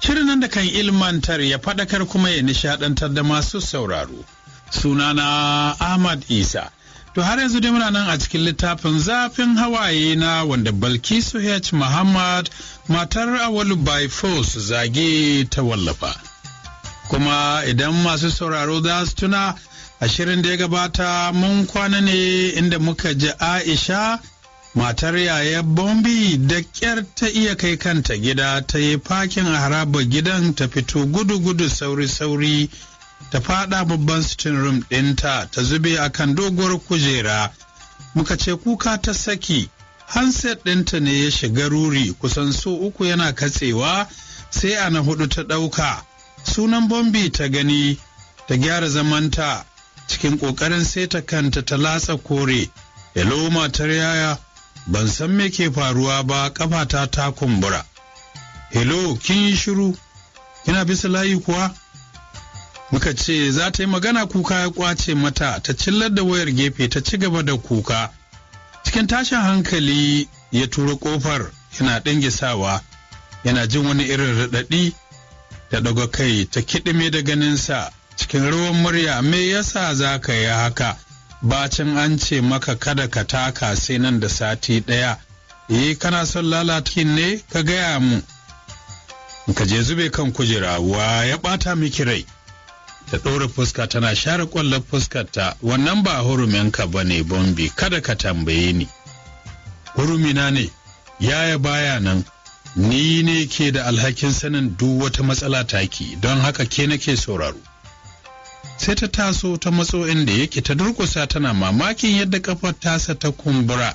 Shirin nan da kan ilmantar ya faɗakar kuma ya nishaɗantar da masu sauraro. Sunana Ahmad Isa. To har yanzu dai muna nan a cikin littafin zafin hawaye na wanda Balkisu H. Muhammad matar Awalu by Force zage ta wallafa. Kuma idan masu sauraro za su tuna a shirin da ya gabata mun kwana ne inda muka ji Aisha matar yaya bombi da kyar ta iya kai kanta gida ta yi fakin a harabar gidan ta fito gudu-gudu sauri-sauri ta fada babban sitting room ɗinta ta zube a kan doguwar kujera muka ce kuka ta saki hanset ɗinta ne ya shiga ruri kusan so uku yana katsewa sai a na hudu ta ɗauka sunan bombi ta gani ta gyara zamanta cikin ƙoƙarin sai ta kanta ta latsa kore hello matar yaya ban san me ke faruwa ba ƙafata ta kumbura. Hello, kin yi shiru, kina bisa layi kuwa? Muka ce za ta yi magana kuka ya kwace mata ta cillar da wayar gefe ta ci gaba da kuka. Cikin tashin hankali ya turo kofar yana ɗingisawa, yana jin wani irin raɗaɗi da ɗaga kai ta kiɗime da ganinsa cikin ruwan murya me yasa za ka yi haka? bacin an ce maka kada ka taka sai nan da sati ɗaya eh kana son lalatakin ne ka gaya mu ka je zube kan kujera wa ya ɓata miki rai ta ɗora fuska tana share ƙwallon fuskarta wannan ba huruminka ba ne bombi kada ka tambaye ni hurumina ne yaya baya nan ni ne ke da alhakin sanin duk wata matsala taki don haka ke nake sauraro sai ta taso ta matso inda yake ta durkusa tana mamakin yadda kafar tasa ta kumbura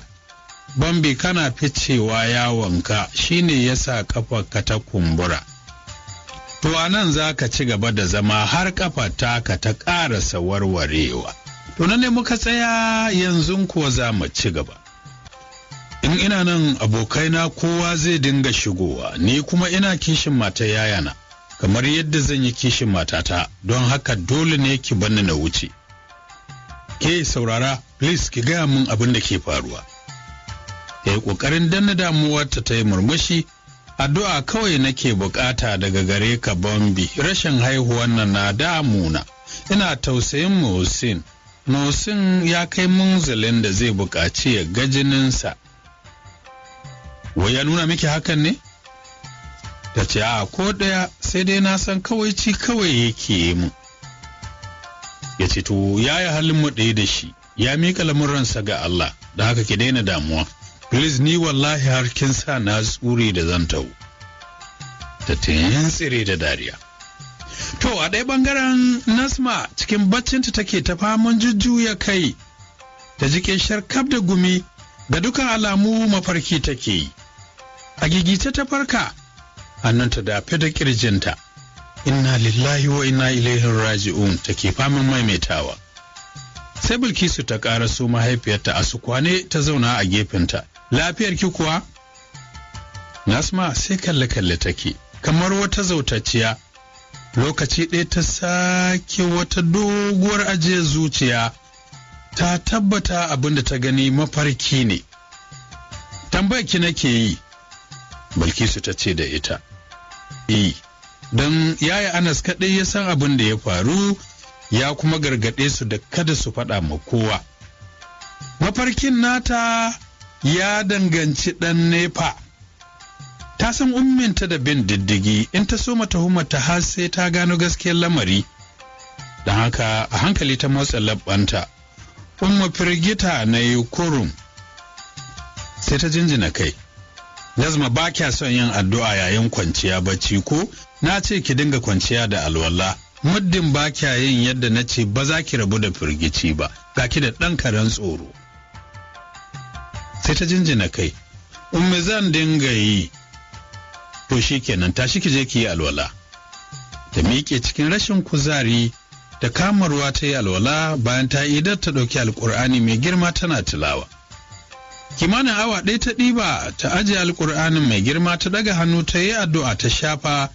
bambi kana ficewa yawonka shine yasa ka ta kumbura to a nan za ka ci gaba da zama har kafa taka ta ƙarasa warwarewa to na ne muka tsaya yanzu kuwa za mu ci gaba in ina nan abokaina kowa zai dinga shigowa ni kuma ina kishin mata yayana kamar yadda zan yi kishin matata don haka dole ne ki banna na wuce ke saurara please ki gaya min abin da ke faruwa ya yi ƙoƙarin danna damuwarta ta yi murmushi addu'a kawai nake bukata daga gare ka bambi rashin haihuwan nan na damuna ina tausayin Mohsin Mohsin ya kai munzalin da zai buƙaci ya ga jininsa wai ya nuna miki hakan ne ta ce a ko ɗaya sai dai na san kawai ci kawai yake yi mu ya ce to ya yi halin mu ɗaya da shi ya mika lamuransa ga Allah da haka ki daina damuwa please ni wallahi har kin sa na tsure da zan tau ta tsire da dariya to a ɗaya ɓangaren nasma cikin baccinta take ta faman jujjuya kai ta jikin sharkaf da gumi ga dukan alamu mafarki take yi a gigice ta farka hannunta da fida kirjinta inna lillahi wa inna ilaihi raji'un take faman maimaitawa sai bilkisu ta ƙara su mahaifiyarta a su kwane ta zauna a gefenta lafiyar ki kuwa nasma sai kalle kalle take kamar wata zautacciya lokaci ɗaya ta sake wata doguwar ajiye zuciya ta tabbata abinda ta gani mafarki ne tambayar ki nake yi Balkisu ta ce da ita. E, don yaya Anas kaɗai ya san abin da ya faru ya kuma gargaɗe su da kada su faɗa ma kowa. Mafarkin nata ya danganci ɗan nefa. Ta san umminta da bin diddigi in ta so tahuma ta har sai ta gano gaskiyar lamari. Don haka a hankali ta motsa labbanta. Umma firgita na yi kurum. Sai ta jinjina kai. Lazma ba kya son yin addu'a yayin kwanciya bacci ko? Na ce ki dinga kwanciya da alwala. Muddin ba kya yin yadda na ce ba za ki rabu da firgici ba, ga ki da ɗan karen tsoro. Sai ta jinjina kai, umme zan dinga yi. To shi kenan tashi ki je ki yi alwala. Ta miƙe cikin rashin kuzari da kamarwa ta yi alwala bayan ta idar ta ɗauki alƙur'ani mai girma tana tilawa. kimanin awa ɗaya ta ɗiba ta ajiye alƙur'anin mai girma ta ɗaga hannu ta yi addu'a ta shafa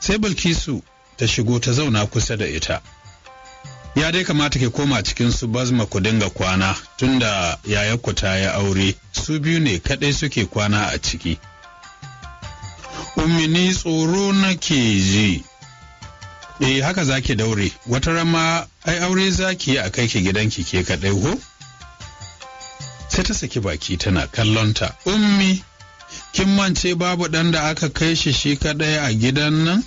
sai bilkisu ta shigo ta zauna kusa da ita ya dai kamata ke koma cikin su bazma ku dinga kwana tunda ku ta yi aure su biyu ne kaɗai suke kwana a ciki umini tsoro nake ji eh haka zaki daure wata rama ai aure zaki yi a kai ki gidanki ke kaɗai ko sai ta saki baki tana kallonta ummi kin mance babu ɗan da aka kai shi shi kaɗai a gidan nan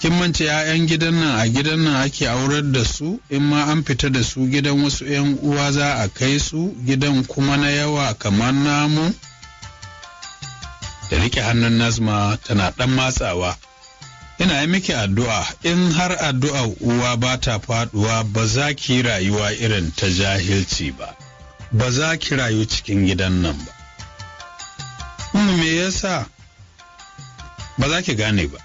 kin mance 'ya'yan gidan nan a gidan nan ake aurar da su in ma an fita da su gidan wasu 'yan uwa za a kai su gidan kuma na yawa kamar namu da rike hannun nazma tana ɗan matsawa ina yi miki addu'a in har addu'a uwa ba ta faɗuwa ba za ki rayuwa irin ta jahilci ba ba za ki rayu cikin gidan nan ba. Ummu me yasa ba za ki gane ba.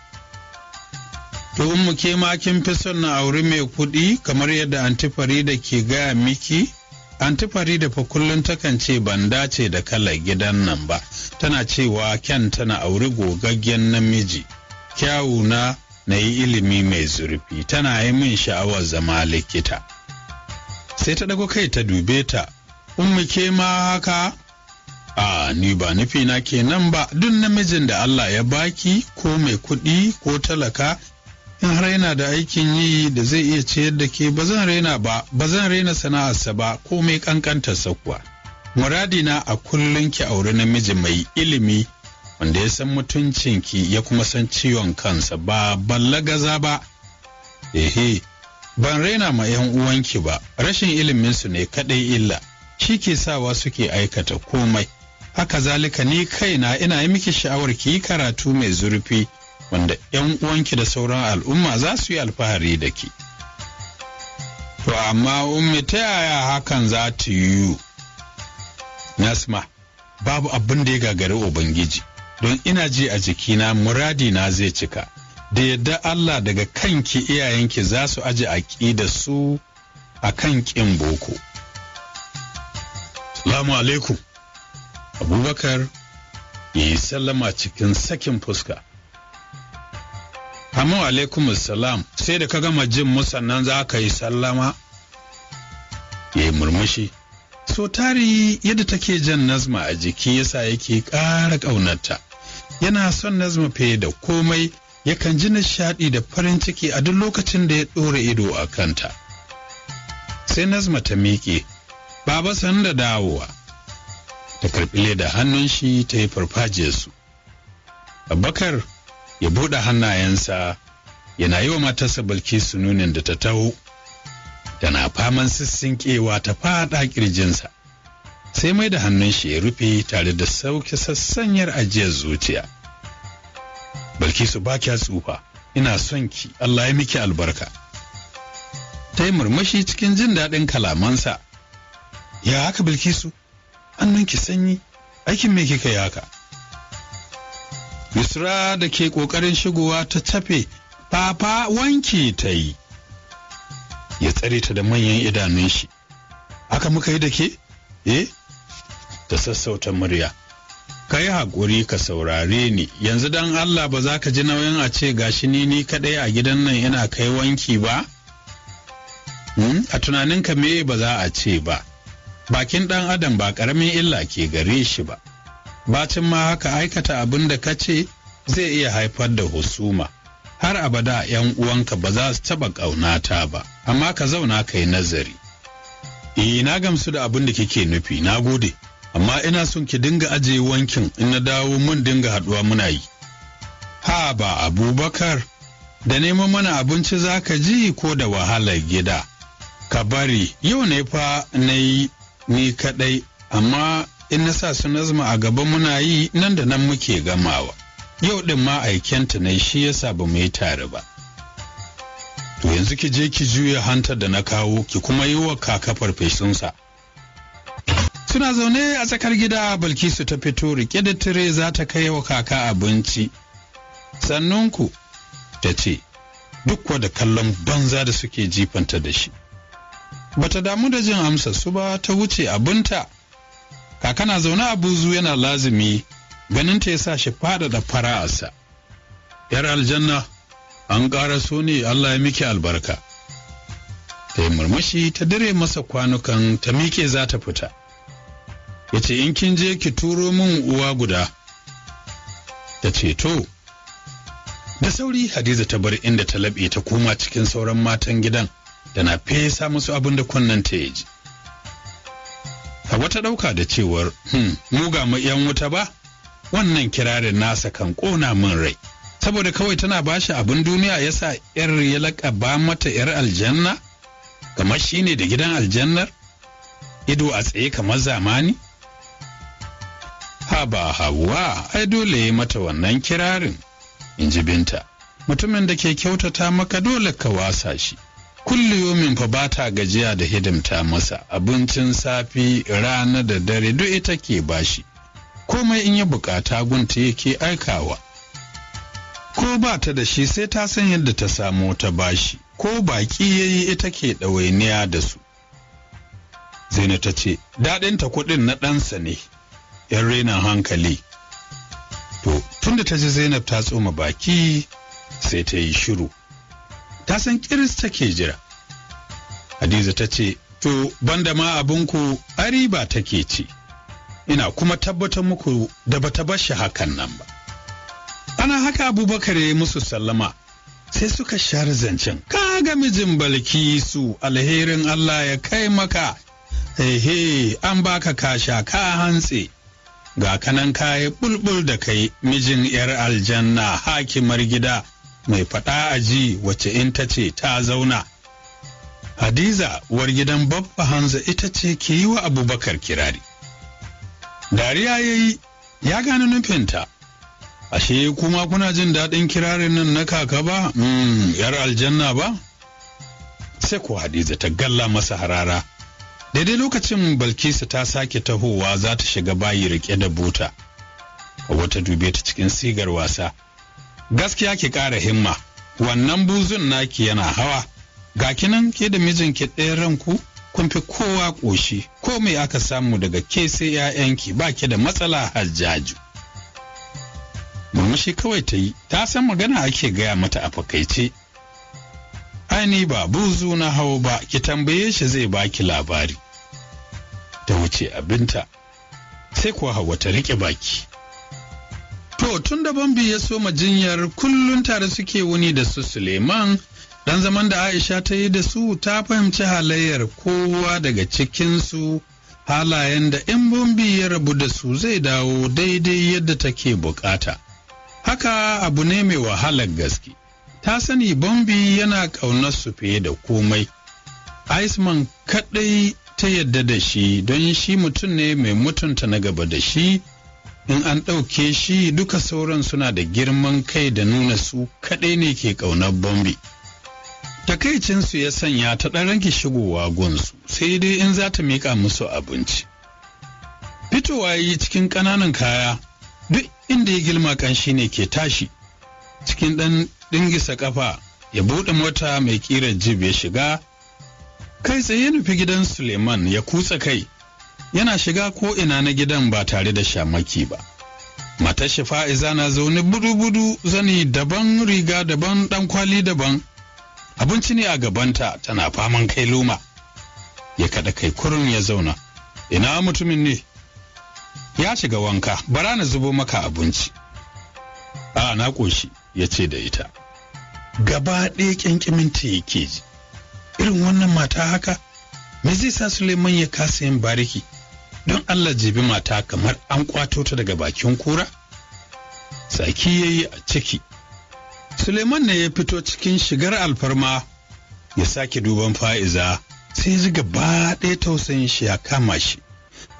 To ummu ke ma kin fi son na auri mai kuɗi kamar yadda antifari da ke gaya miki? Antifari da fa kullum takan ce ban dace da kala gidan nan ba, tana cewa kyan tana auri gogaggen namiji, kyawuna na yi ilimi mai zurfi, tana yi min sha'awar zama likita. Sai ta ɗago kai ta dube ta, ummu ke ma haka? A ni ba nufi na nan ba duk namijin da Allah ya baki ko mai kuɗi ko talaka in har yana da aikin yi da zai iya ciyar da ke ba zan raina ba ba zan raina sana'arsa ba ko mai kankantar Muradi Muradina a kullum ki auri namiji mai ilimi wanda ya san mutuncinki ya kuma san ciwon kansa ba ballagaza ba. Ehe, ban raina ma 'yan uwanki ba, rashin iliminsu ne kaɗai illa. shi ke sawa suke aikata komai haka zalika ni kaina ina yi miki sha'awar ki yi karatu mai zurfi wanda 'yan uwanki da sauran al'umma za su yi alfahari da ki to amma ummi ta yaya hakan za ta yiwu nasma babu abin da ya gagari ubangiji don ina ji a jikina muradi na zai cika da yadda Allah daga kanki iyayenki za su aji da su a kan ƙin boko. Salamu alaikum. Abubakar ya yi sallama cikin sakin fuska. Hamu alaikum salam sai da ka gama jin mu sannan za ka yi sallama. Ya yi murmushi. So tari yadda take jan Nazma a jiki yasa yake ƙara ƙaunarta. Yana son Nazma fiye da komai yakan ji nishaɗi da farin ciki a duk lokacin da ya ɗora ido a kanta. Sai Nazma ta miƙe Baba san da dawowa, ta karɓi da hannun shi ta yi farfajiyarsu. Abakar ya buɗe hannayensa yana yi wa matarsa Bilkisu nunin da ta taho, tana faman sissinkewa ta faɗa ƙirjinsa. sai mai da hannun shi ya rufe tare da sauke sassanyar ajiyar zuciya. Bilkisu ba kya tsufa, ina son ki, Allah ya miki albarka. Ta yi murmushi cikin jin daɗin kalamansa, ya haka bilkisu annan ki sanyi aikin me kika yi haka Yusra da ke ƙoƙarin shigowa ta tafe fafa wanki ta yi ya tsare ta da manyan idanun shi haka muka yi da ke eh ta sassauta murya ka yi haƙuri ka saurare ni yanzu dan allah ba za ka ji nauyin a ce gashi ni ni kaɗai a gidan nan ina kai wanki ba hmm? a tunaninka me ba za a ce ba bakin ɗan adam ba ƙaramin illa ke gare shi ba bacin ma haka aikata abin da ka ce zai iya haifar da husuma har abada 'yan uwanka ba za su taɓa ƙaunata ba amma ka zauna ka yi nazari eh na gamsu da abin da kike nufi na gode amma ina son ki dinga ajiye wankin in na dawo mun dinga haɗuwa muna yi ha ba abubakar da neman mana abinci za ka ji ko da wahalar gida ka bari yau ne fa na yi ni kaɗai, amma in na sa su nazma a gaba muna yi nan da nan muke gamawa. Yau ɗin ma aikenta ne shi yasa ba mu yi tare ba. To yanzu ki je ki juya hantar da na kawo ki kuma yi wa kaka farfesunsa. Suna zaune a tsakar gida Balkisu ta fito rike da tire za ta kai wa kaka abinci. Sannunku ta ce, duk da kallon banza da suke jifanta da shi. bata damu da jin amsa su ba ta wuce abinta kakana zaune a buzu yana lazimi ganin ta sa shi da fara'arsa yar aljanna an ƙara so ne Allah ya miki albarka ta yi murmushi ta dire masa kwanukan ta miƙe za ta fita ya ce in kin je ki turo min uwa guda ta ce to da sauri hadiza ta bar inda ta laɓe ta koma cikin sauran matan gidan tana fesa musu abin da kunnen ta yi ji. Haba ta ɗauka da cewar, hmm, mu ga mu ‘yan wuta ba, wannan kirarin nasa kan ƙona min rai. Saboda kawai tana ba shi abin duniya ya sa ‘yar ya laƙaba mata ‘yar aljanna, kamar shi ne da gidan aljannar, ido a tsaye kamar zamani. Haba hawa, ai dole mata wannan kirarin, in ji binta. Mutumin da ke kyautata maka dole ka wasa shi. yomin fa ba ta gajiya da hidimta masa abincin safi rana da dare duk ita ke bashi komai in ya bukata gunta yake aikawa ko ba ta da shi sai ta san yadda ta samu ta bashi ko baki yayi ita ke ɗawainiya da su zaina ta ce daɗinta kuɗin na ɗansa ne yan renon hankali to tunda ta ji zainab ta tsoma baki sai ta yi shiru ta san Kirista ke jira hadiza ta ce to banda ma abinku ariba take ci ina kuma tabbatar muku da bata ta shi hakan nan ba ana haka abubakar ya yi musu sallama sai suka share zancen Ka ga mijin balki su alherin allah ya kai maka he, an baka kasha ka hantse ga kanan kayi bulbul da kai mijin yar aljanna hakimar gida mai faɗa a ji wacce in ta ce ta zauna. Hadiza war gidan babba Hamza ita ce ke yi wa Abubakar kirari. Dariya ya yi ya gane nufinta. Ashe kuma kuna jin daɗin kirarin nan na kaka ba, hmm, ‘yar aljanna ba? Sai ku Hadiza ta galla masa harara. Daidai lokacin Balkisa ta sake tahowa za ta shiga bayi rike da buta. Wata dube ta cikin sigar wasa. gaskiya ki ƙara himma wannan buzun naki yana hawa ga kinan ke da mijinki ɗayan ranku kun fi kowa ƙoshi ko mai aka samu daga ke sai 'ya'yanki ba ki da matsala hajjaju murmushi kawai ta yi ta san magana ake gaya mata a fakaice aini ba buzu na hau ba ki tambaye shi zai baki labari ta wuce abinta sai kuwa hawa ta riƙe baki To tun da Bambi ya soma jinyar kullum tare suke wuni da su Suleiman dan zaman da Aisha ta yi da su ta fahimci halayyar kowa daga cikinsu halayen da in Bambi ya rabu da su zai dawo daidai yadda take bukata. Haka abu ne mai wahalar gaske. Ta sani Bambi yana ƙaunar su fiye da komai. Iceman kaɗai ta yadda da shi don shi mutum ne mai mutunta na gaba da shi in an ɗauke shi duka sauran suna da girman kai da nuna su kaɗai ne ke ƙaunar bombi takaicinsu ya sanya ta ɗan rage shigowa gunsu sai dai in za ta miƙa musu abinci fitowa yi cikin ƙananan kaya duk inda ya girma ƙanshi ne ke tashi cikin ɗan ɗingisa ƙafa ya buɗe mota mai ƙirar jib ya shiga kai tsaye nufi gidan suleiman ya kutsa kai yana shiga ko'ina na gidan ba tare da shamaki ba. Matar shi fa'iza na zaune budu-budu zani daban riga daban ɗan kwali daban. Abinci ne a gabanta tana faman kai loma. Ya kaɗa kai kurin ya zauna. Ina mutumin ne? Ya shiga wanka, bara na zubo maka abinci. A na ƙoshi, ya ce da ita. Gaba ɗaya ƙyanƙyaminta yake ji. Irin wannan mata haka, me zai sa Suleiman ya kasa yin bariki? don Allah jibi mata kamar an kwato ta daga bakin kura saki ya yi a ciki suleiman ne ya fito cikin shigar alfarma ya sake duban fa'iza sai ji gaba ɗaya tausayin shi ya kama shi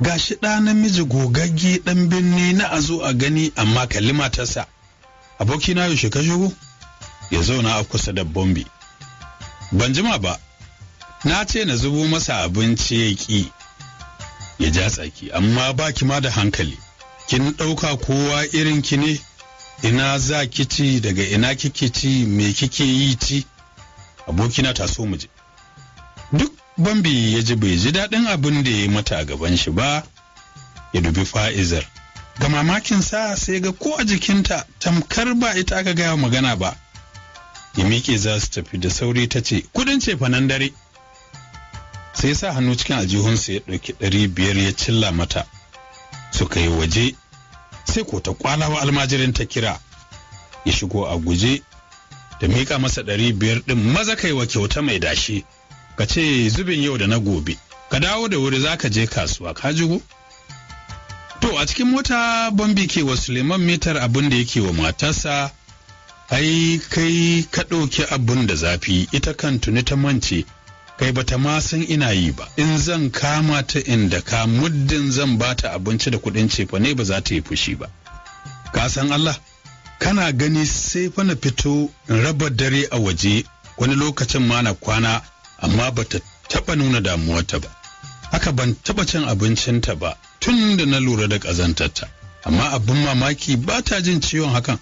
Ga shi ɗa namiji gogagge ɗan birni na a zo a gani amma kalli matarsa abokina yaushe ka shigo ya zauna a kusa da bombi ban jima ba na ce na zubo masa abinci ya ƙi ya ja tsaki amma ba ki ma da hankali kin ɗauka kowa irin ki ne ina za ki ci daga ina kike ci me kike yi ci abokina ta so mu je duk bambi ya ji bai ji daɗin abin da ya mata a gaban shi ba ya dubi fa'izar ga mamakin sa sai ga ko a jikinta tamkar ba ita aka gaya magana ba ya miƙe za su tafi da sauri ta ce kudin ce fa nan dare sai ya sa hannu cikin aljihunsa ya ɗauki ɗari biyar ya cilla mata suka yi waje sai ko ta kwana wa almajirin ta kira ya shigo a guje da miƙa masa ɗari biyar ɗin maza kai wa kyauta mai dashi ka ce zubin yau da na gobe ka dawo da wuri zaka je kasuwa ka jigo to a cikin mota bombi ke wa suleiman mitar abin da yake wa matarsa ai kai ka ɗauki abin da zafi ita kan tuni ta mance kai bata ma san ina yi ba in zan kama ta inda ka muddin zan bata abinci da kudin cefa ne ba za ta yi fushi ba ka san Allah kana gani sai fa na fito in raba dare a waje wani lokacin ma na kwana amma bata taba nuna damuwarta ba haka ban taɓa cin abincinta ba tun da na lura da ƙazantarta amma abin mamaki ba ta jin ciwon hakan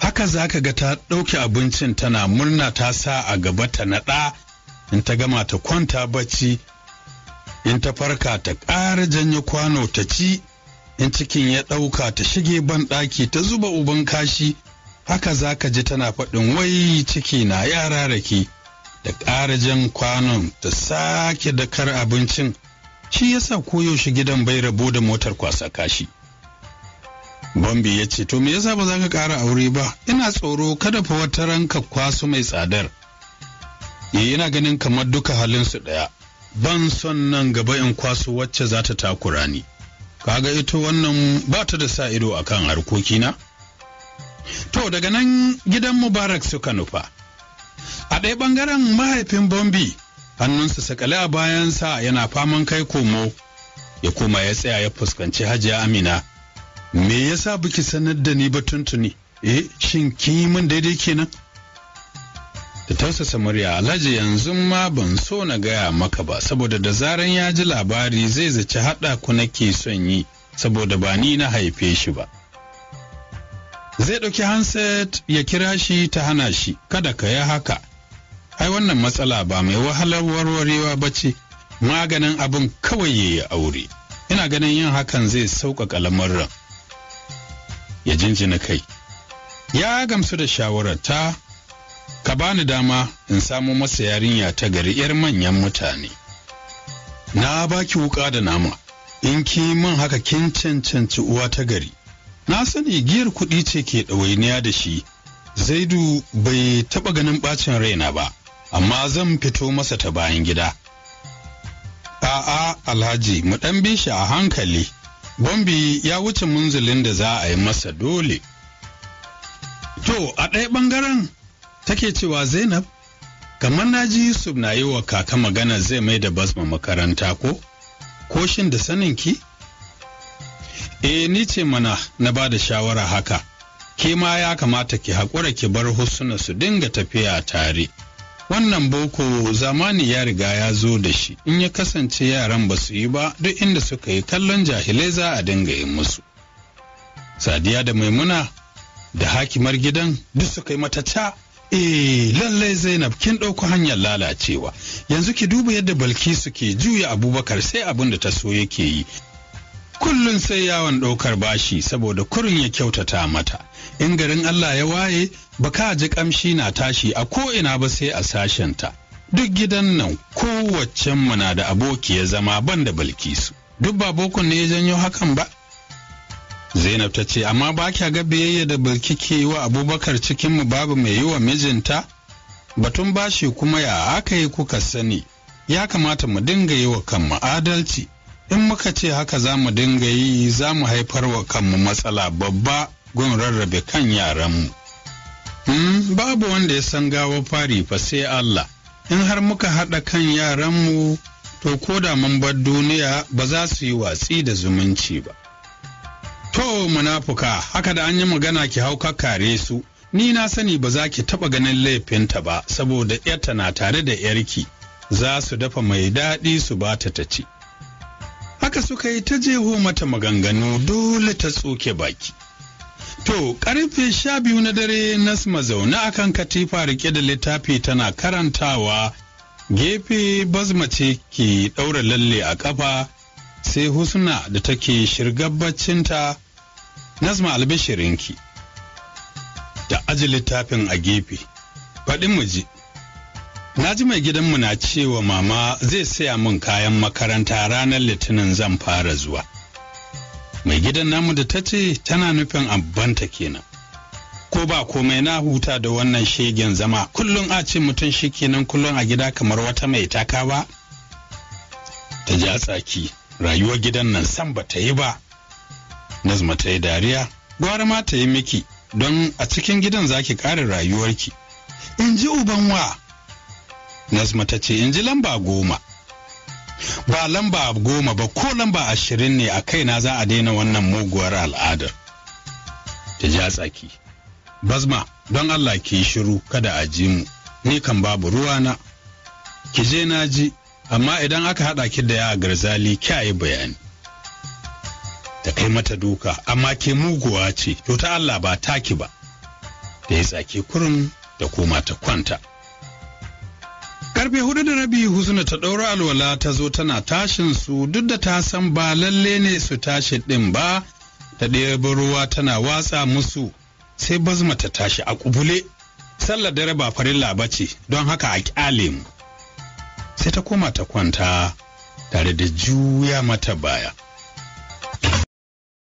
haka zaka ga ta ɗauke abincin tana murna ta sa a gaba ta naɗa in ta gama ta kwanta bacci in ta farka ta ƙara janye kwano ta ci in cikin ya ɗauka ta shige ban ɗaki ta zuba uban kashi haka za ka ji tana faɗin wai ciki na yara rake da ƙara jan kwanon ta sake dakar abincin shi yasa koyaushe gidan bai rabo da motar kwasa kashi Bambi ya ce, To me yasa ba za ka ƙara aure ba, ina tsoro kada fa wata ranka kwaso mai tsadar. yana ganin kamar duka halinsu ɗaya ban son nan gaba in kwaso wacce za ta takura ni Ka ga ito wannan ba ta da sa ido a kan harkokina to daga nan gidan mubarak suka nufa a ɗaya ɓangaren mahaifin bombi hannunsa sakale a bayansa yana faman kai komo ya koma ya tsaya ya fuskanci hajiya amina me yasa biki sanar da ni ba tuntuni eh shin kin yi min daidai kenan da tausasa murya alhaji yanzu ma ban so na gaya maka ba saboda da zaran ya ji labari zai zaci haɗa ku nake son yi saboda ba ni na haife shi ba zai ɗauki handset ya kira shi ta hana shi kada ka yi haka ai wannan matsala ba mai wahalar warwarewa ba ce maganin abin kawai ya yi aure ina ganin yin hakan zai sauƙaƙa lamarin ya jinjina kai ya gamsu da shawarar ta. ka bani dama in samo masa yarinya ta gari 'yar manyan mutane na baki wuƙa da nama in ki man haka kin cancanci uwa ta gari na sani giyar kuɗi ce ke ɗawainiya da shi zaidu bai taɓa ganin ɓacin raina ba amma zan fito masa ta bayan gida a'a alhaji mu ɗan bi shi a hankali bambi ya wuce munzulin da za a yi masa dole to a ɗaya ɓangaren take cewa Zainab, kamar na ji Yusuf na yi wa kaka magana zai mai da basma makaranta ko? Koshin da sanin ki? E eh, ni ce mana na ba da shawara haka, ke ma ya kamata ki haƙura ki bar husuna su dinga tafiya tare. Wannan boko zamani ya riga ya zo da shi, in ya kasance yaran ba su yi ba duk inda suka yi kallon jahilai za a dinga yi musu. Sadiya da Maimuna da hakimar gidan duk suka yi mata ca Eh lallai Zainab kin ɗauko hanyar lalacewa. Yanzu ki duba yadda Balkisu ke juya Abubakar sai abin da ta so yake yi. Kullum sai yawon ɗaukar bashi saboda kurin ya kyautata mata. In garin Allah ya waye baka ji kamshi na tashi a ko'ina ba sai a sashen ta. Duk gidan nan kowaccen na da aboki ya zama ban da Balkisu. Duk ba bokun ne ya janyo hakan ba. Zainab ta ce, amma ba kya ga biyayya da bilki ke yi wa abubakar cikinmu babu mai yi wa mijinta? Batun bashi kuma ya aka yi kuka sani, ya kamata mu dinga yi wa kanmu adalci. In muka ce haka za mu dinga yi za mu haifar wa kanmu matsala babba gun rarrabe kan yaranmu. Hmm, babu wanda ya san gawa fari fa sai Allah, in har muka haɗa kan yaranmu to ko da mun bar duniya ba za su yi watsi da zumunci ba. To munafuka haka da an yi magana ki hau kare su, ni na sani ba za ki taɓa ganin laifinta ba saboda ‘yarta na tare da ‘yarki za su dafa mai daɗi su ba ta ta ci. Haka suka yi ta jeho mata maganganu dole ta tsoke baki. To, ƙarfe sha biyu na dare Nasma zaune kan katifa rike da littafi tana karantawa gefe bazmace ke ɗaura lalle a ƙafa sai husna da take shirgabbacinta nazma albishirinki da aji littafin a gefe faɗin ji. na ji mai gidanmu na cewa mama zai saya min kayan makaranta ranar litinin zan fara zuwa mai gidan namu da ta ce tana nufin abbanta kenan ko ba komai na huta da wannan shegen zama kullum a ce mutum shi kenan kullum a gida kamar wata mai taka ba ta ja tsaki rayuwar gidan nan san ba ta yi ba nazma ta yi dariya gwara ma ta yi miki don a cikin gidan za ki ƙara rayuwarki in ji uban wa nazma ta ce in ji lamba goma ba lamba goma ba ko lamba ashirin ne a kaina za a daina wannan muguwar al'adar ta ja tsaki bazma don allah ki shiru kada a ji mu ni kan babu ruwana ki je na ji amma idan aka haɗa ki da ya garzali kyaye bayani ta kai mata duka amma ke muguwa ce to ta Allah ba taki ba da ya tsake kurum da koma ta kwanta karfe hudu da rabi husna ta ɗaura alwala ta zo tana tashin su duk da ta san ba lalle ne su tashi ɗin ba ta ɗaya ruwa tana watsa musu sai bazma ta tashi a kubule sallar dare ba farilla ba ce don haka a ƙyale mu sai ta koma ta kwanta tare da juya mata baya